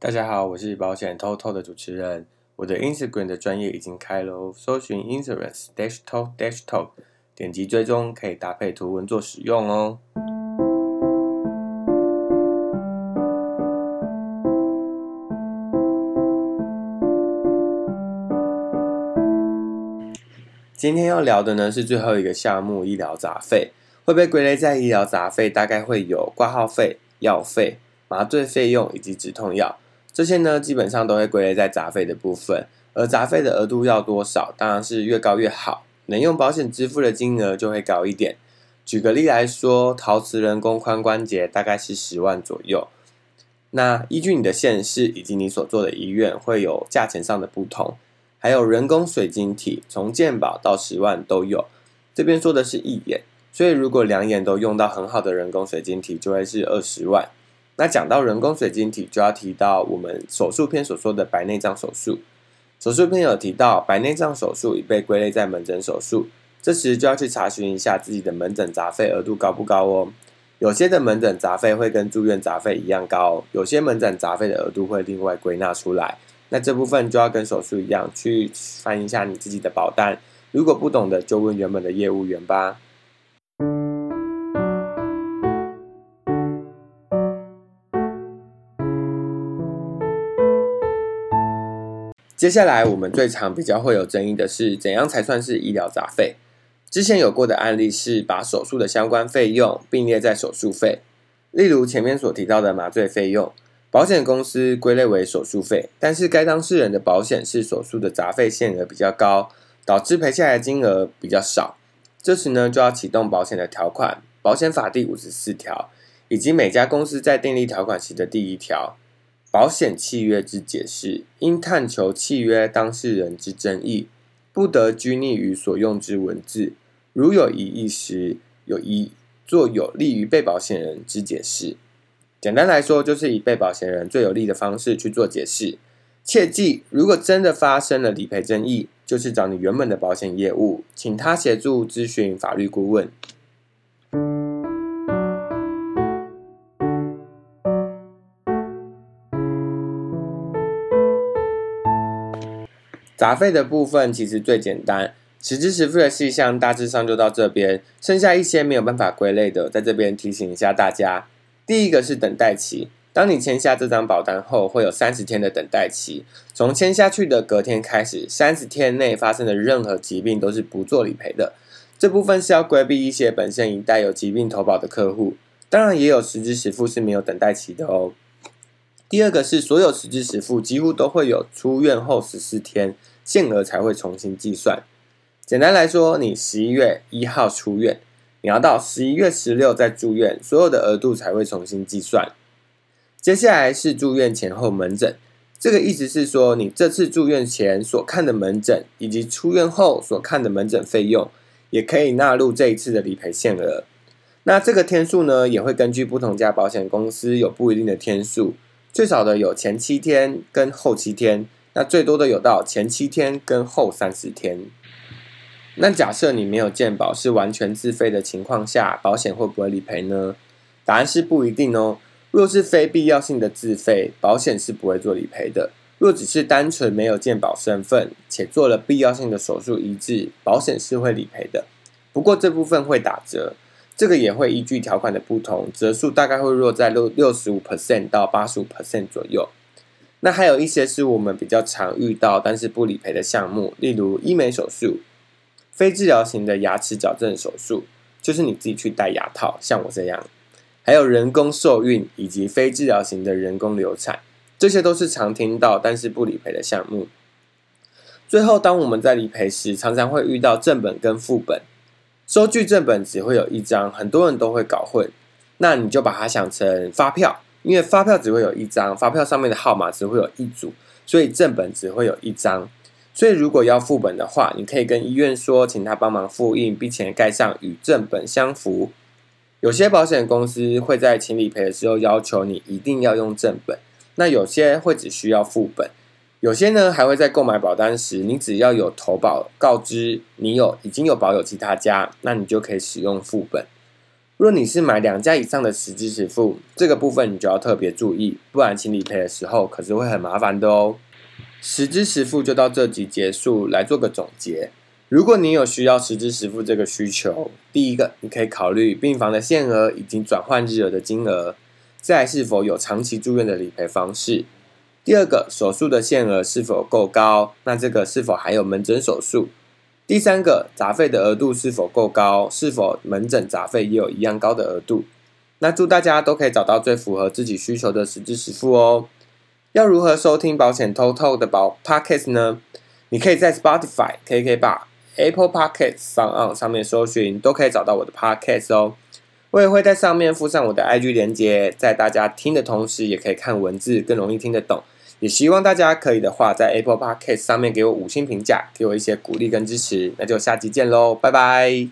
大家好，我是保險 Talk Talk 的主持人。我的 Instagram 的專業已經開了，搜尋 insurance-talk-talk，點擊追蹤可以搭配圖文做使用哦。今天要聊的呢是最後一個項目——醫療雜費，會被歸類在醫療雜費，大概會有掛號費、藥費、麻醉費用以及止痛藥。這些呢，基本上都會歸類在雜費的部分，而雜費的額度要多少，當然是越高越好，能用保險支付的金額就會高一點。舉個例來說，陶瓷人工髖關節大概是十萬左右，那依據你的縣市以及你所做的醫院會有價錢上的不同，還有人工水晶體，從健保到十萬都有，這邊說的是一眼，所以如果兩眼都用到很好的人工水晶體，就會是二十萬。那講到人工水晶體，就要提到我們手術篇所說的白內障手術。手術篇有提到，白內障手術已被歸類在門診手術。這時就要去查詢一下自己的門診雜費額度高不高哦。有些的門診雜費會跟住院雜費一樣高，哦，有些門診雜費的額度會另外歸納出來。那這部分就要跟手術一樣，去翻一下你自己的保單。如果不懂的，就問原本的業務員吧。接下來，我們最常比較會有爭議的是，怎樣才算是醫療雜費？之前有過的案例是，把手術的相關費用併列在手術費，例如前面所提到的麻醉費用，保險公司歸類為手術費，但是該當事人的保險是手術的雜費限額比較高，導致賠下來的金額比較少。這時呢，就要啟動保險的條款，《保險法》第五十四條，以及每家公司在訂立條款時的第一條。保險契約之解釋，應探求契約當事人之爭議，不得拘泥於所用之文字。如有疑義時，有疑做有利於被保險人之解釋。簡單來說，就是以被保險人最有利的方式去做解釋。切記，如果真的發生了理賠爭議，就是找你原本的保險業務，請他協助諮詢法律顧問。雜費的部分其實最簡單，實支實付的細項大致上就到這邊，剩下一些沒有辦法歸類的，在這邊提醒一下大家。第一個是等待期，當你簽下這張保單後，會有三十天的等待期，從簽下去的隔天開始，三十天內發生的任何疾病都是不做理賠的。這部分是要規避一些本身已帶有疾病投保的客戶，當然也有實支實付是沒有等待期的哦。第二個是所有實支實付，幾乎都會有出院後十四天限額才會重新計算。簡單來說，你十一月一號出院，你要到十一月十六再住院，所有的額度才會重新計算。接下來是住院前後門診，這個意思是說，你這次住院前所看的門診，以及出院後所看的門診費用，也可以納入這一次的理賠限額。那這個天數呢，也會根據不同家保險公司有不一定的天數。最少的有前七天跟後七天，那最多的有到前七天跟後三十天。那假設你沒有健保，是完全自費的情況下，保險會不會理賠呢？答案是不一定哦。若是非必要性的自費，保險是不會做理賠的。若只是單純沒有健保身份，且做了必要性的手術醫治，保險是會理賠的，不過這部分會打折。這個也會依據條款的不同，折數大概會落在六六十五 percent 到八十五 percent 左右。那還有一些是我們比較常遇到但是不理賠的項目，例如醫美手術、非治療型的牙齒矯正手術，就是你自己去戴牙套，像我這樣，還有人工受孕以及非治療型的人工流產，這些都是常聽到但是不理賠的項目。最後，當我們在理賠時，常常會遇到正本跟副本。收據正本只會有一張，很多人都會搞混。那你就把它想成發票，因為發票只會有一張，發票上面的號碼只會有一組，所以正本只會有一張。所以如果要副本的話，你可以跟醫院說，請他幫忙複印，並且蓋上與正本相符。有些保險公司會在請理賠的時候要求你一定要用正本，那有些會只需要副本。有些呢還會在購買保單時，你只要有投保告知，你有已經有保有其他家，那你就可以使用副本。若你是買兩家以上的實支實付，這個部分你就要特別注意，不然請理賠的時候可是會很麻煩的哦。實支實付就到這集結束，來做個總結。如果你有需要實支實付這個需求，第一個你可以考慮病房的限額以及轉換日額的金額，再來是否有長期住院的理賠方式。第二個手術的限額是否夠高？那這個是否還有門診手術？第三個雜費的額度是否夠高？是否門診雜費也有一樣高的額度？那祝大家都可以找到最符合自己需求的實支實付哦。要如何收聽保險偷偷的保 podcast 呢？你可以在 Spotify、KK 吧、Apple Podcasts 上岸上面搜尋，都可以找到我的 podcast 哦。我也會在上面附上我的 IG 鏈接，在大家聽的同時，也可以看文字，更容易聽得懂。也希望大家可以的話，在 Apple Podcast 上面給我五星評價，給我一些鼓勵跟支持，那就下期見嘍，拜拜。